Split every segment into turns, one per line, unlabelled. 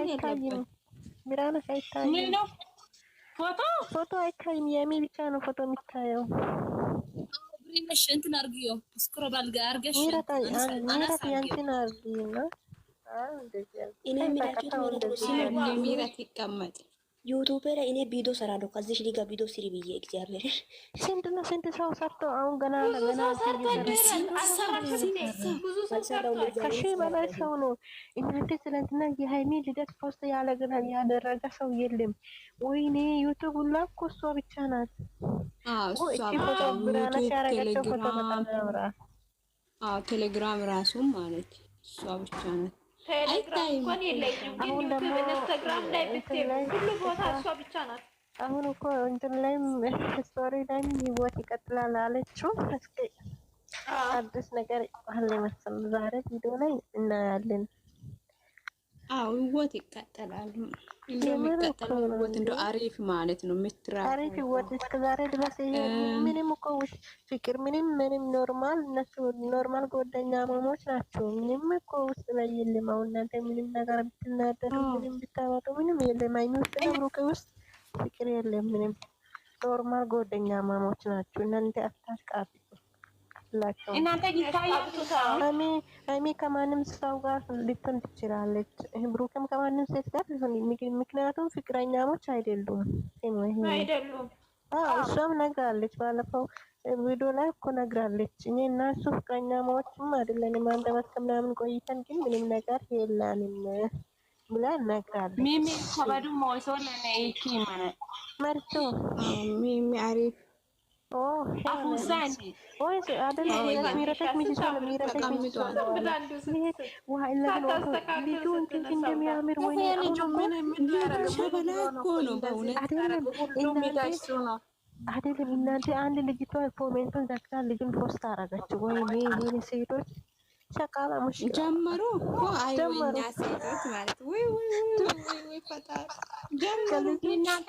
አይታይም። ቢራነሽ አይታይም። ፎቶ ፎቶ አይታይም። የሚ ብቻ ነው ፎቶ የሚታየው።
ብሪንሽ እንትን አርጊዮ ስክሮል አርጋ አርገሽ
ሚራት ያንቺን አርጊና
አሁን ደስ ይላል። እኔ ይቀመጥ ዩቱብ ላይ እኔ ቪዲዮ ሰራለሁ ከዚህ ጋር ቪዲዮ ስሪ ብዬ እግዚአብሔር
ስንት ነው ስንት ሰው ሰርቶ አሁን ገና ገና ከሺህ በላይ ሰው ነው። እናንተ ትላንትና የሃይሚ ልደት ፖስት ያለግና ያደረገ ሰው የለም። ወይኔ ዩቱብ ሁላ እኮ እሷ ብቻ ናት።
ቴሌግራም ራሱም ማለት እሷ ብቻ ናት። ቴሌግራም እንኳን የለኝም፣ ግን ዩቲዩብ፣ ኢንስታግራም ላይ ብትሄዱ ሁሉ ቦታ እሷ ብቻ ናት።
አሁን እኮ እንትን ላይም ስቶሪ ላይም ህይወት ይቀጥላል አለችው። እስኪ አዲስ ነገር ይባል መሰል ዛሬ ቪዲዮ ላይ እናያለን።
አዎ ህይወት ይቃጠላል። እንደው የሚቃጠለው ህይወት እንደው አሪፍ ማለት ነው። ምትራ
አሪፍ ህይወት ዛሬ ድረስ ምንም እኮ ፍቅር ምንም ምንም ኖርማል እነሱ ኖርማል ማሞች ናቸው። ምንም እኮ ውስጥ ላይ የለም። አሁን እናንተ ምንም ነገር ብትናደዱ ምንም ብታወጡ ምንም የለም። አይኑ ውስጥ ብሩክ ውስጥ ፍቅር የለም ምንም። ኖርማል ማሞች ናቸው። እናንተ አታስቃጡ።
እናንተ አትላቸው።
ሀይሚ ከማንም ሰው ጋር ልትሆን ትችላለች፣ ብሩክም ከማንም ሴት ጋር ሊሆን ምክንያቱም ፍቅረኛሞች አይደሉም አይደሉም። እሷም ነግራለች፣ ባለፈው ቪዲዮ ላይ እኮ ነግራለች። እኔ እና እሱ ፍቅረኛሞችም አይደለንም አንድ አመት ከምናምን ቆይተን ግን ምንም ነገር የለንም ብላ ነግራለች።
ሚሚ ከበዱ ሞሶ ለነይኪ ማለት መርቶ ሚሚ አሪፍ ነው።
አይደለም እናንተ አንድ ልጅቷ ኮሜንቱን ዘግታ ልጁን ፖስት አረገች ወይ? ይሄን ሴቶች ሸቃላ ሙሽ
ጀመሩ ሴቶች ማለት ወይ ወይ ወይ ወይ ፈጣሪ ጀመሩ እናንተ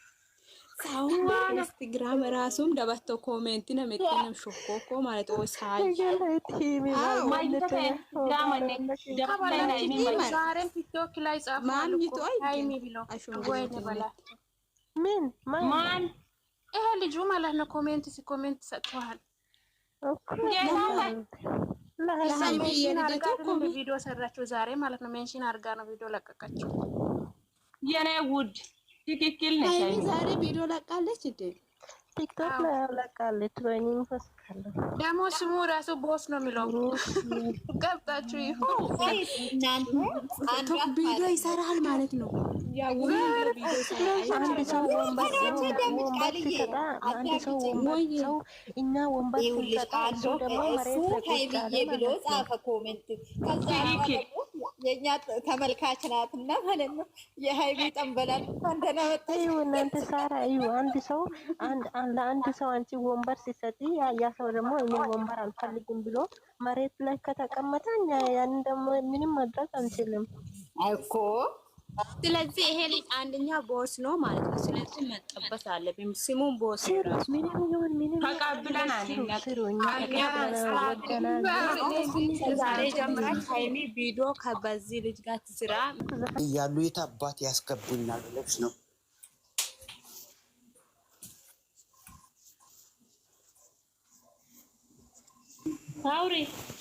ሳዋን ኢንስታግራም ራሱም ደበቶ ኮሜንቲ ነምትንም ሾኮ ኮ ማለት ማን ይሄ ልጁ ማለት ነው። ኮሜንት ሲኮሜንት ሰጥተዋል። ቪዲዮ ሰራችሁ ዛሬ ማለት ነው። ሜንሽን አርጋ ነው ቪዲዮ ለቀቀችው የኔ ውድ ትክክል
ነሽ። ዛሬ ቪዲዮ ለቃለች እንዴ? ቲክቶክ ላይ ለቃለች። ትሬኒንግ ፈስካለሁ
ደግሞ ስሙ ራሱ ቦስ ነው የሚለው ገብታችሁ ቪዲዮ ይሰራል ማለት ነው።
አንድ ሰው ወንበር ሰው ደግሞ
መሬት ብሎ ጻፈ ኮሜንት የእኛ ተመልካች ናት እና ማለት ነው የሀይሚ ጠንበላል መጣ መጣዩ
እናንተ ሳራ እዩ። አንድ ሰው ለአንድ ሰው አንቺ ወንበር ሲሰጥ ያ ሰው ደግሞ እኔ ወንበር አልፈልግም ብሎ መሬት ላይ ከተቀመጠ ያንን ደግሞ ምንም ማድረግ አንችልም
እኮ ስለዚህ ይሄ ልጅ አንደኛ ቦስ ነው ማለት ነው። ስለዚህ መጠበስ አለብኝ። ስሙን ቦስ ተቀብለናል። ዛሬ ሀይሚ ቪዲዮ ከበዚህ ልጅ ጋር ትስራ እያሉ የት አባት ያስገቡኛል ብለሽ ነው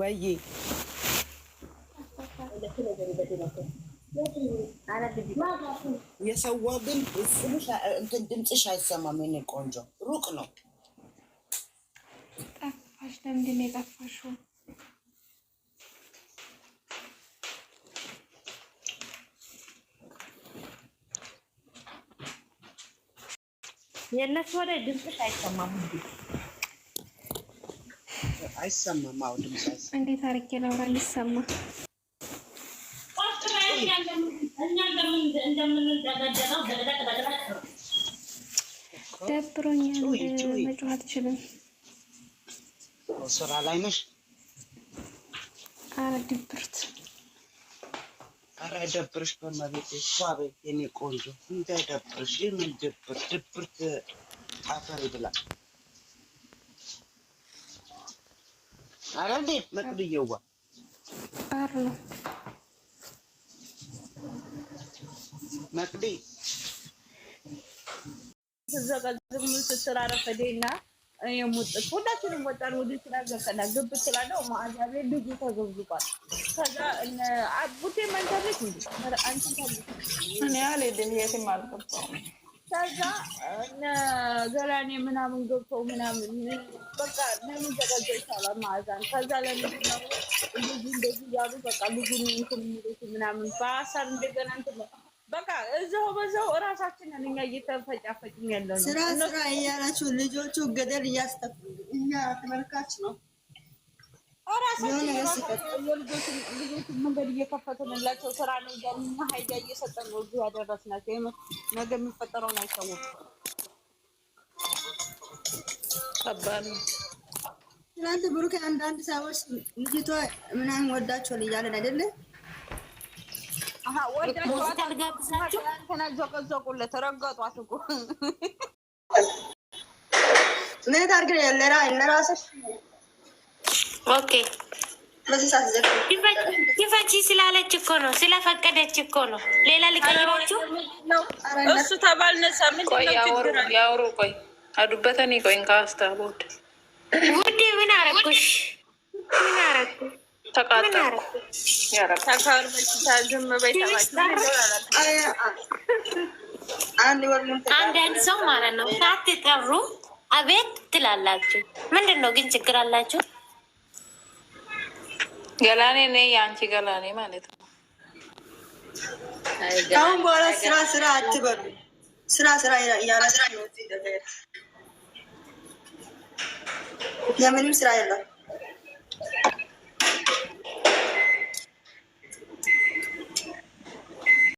ወይ የሰዋ ግን እንትን ድምፅሽ አይሰማም። የእኔ ቆንጆ ሩቅ ነው።
ጠፋሽ? ለምንድን ነው የጠፋሽው?
የእነሱ ወደ ድምፅሽ አይሰማም። አይሰማም። አሁን ድምፅ
እንዴት አድርጌ ላውራ ሊሰማ ደብሮኛል። መጮህ አትችልም።
ስራ ላይ ነሽ?
ኧረ ድብርት።
ኧረ አይደብርሽ በእመቤትሽ የኔ ቆንጆ እንዳይደብርሽ። የምን ድብርት ድብርት አፈር ይብላል። አረ እንዴት መቅድዬው ጋር አረ መቅዲ ዘጋዘሙ ስትራ ረፈደና የሙጥ ሁላችንም ወጣን ወደ ስራ ገብተናል። ግብ ስላለው ማዕዛ ልጁ ተዘብዝቋል። ከዛ እነ አቡቴ መንተቤት እንዴ አንቺ ታዲያ እኔ አልሄድም የትም አልገባሁም። ከዛ እነ ገላኔ ምናምን ገብተው ምናምን በቃ ለምን ተቀዘ ይቻላል ማዕዛን ከዛ ለምንድን ነው እንደዚህ እንደዚህ እያሉ በቃ ልጁን እንትን የሚሉት ምናምን በሀሳብ እንደገና እንትን በቃ እዛው በዛው እራሳችንን እኛ እየተፈጫፈጭን ያለ ነው።
ስራ ስራ እያላችሁ ልጆቹ ገደል እያስጠፉ እኛ ተመልካች ነው።
ልጆቹን መንገድ እየከፈትንላቸው ስራ ነው እያልን እኛ ሀይዲያ እየሰጠን ነው እዚህ ያደረስናቸው። ነገ የሚፈጠረውን አይታወቅም። ከባድ ነው።
ትናንት ብሩኬ አንዳንድ ሰዎች ልጅቷ ምናምን ወዳቸዋል እያለን አይደለ? ወዳቸዋትጋብዛቸውትና
ዘቀዘቁለት ረገጧት እኮ
ምን ታርግ ለራስሽ
ኦኬ ይፈቺ ስላለች እኮ ነው፣ ስለፈቀደች እኮ ነው። ሌላ ልቀይራችሁ እሱ ተባልነሳ ምንያውሩ ቆይ አዱበተን ቆይ ከአስታቦድ ውዴ ምን አረኩሽ? ምን አረኩ? አንዳንድ ሰው ማለት ነው ሳትጠሩ አቤት ትላላችሁ። ምንድን ነው ግን ችግር አላችሁ? ገላኔ ነ የአንቺ ገላኔ ማለት ነው።
አሁን በኋላ ስራ ስራ አትበሉ። ስራ ስራ እያለ የምንም ስራ የለም።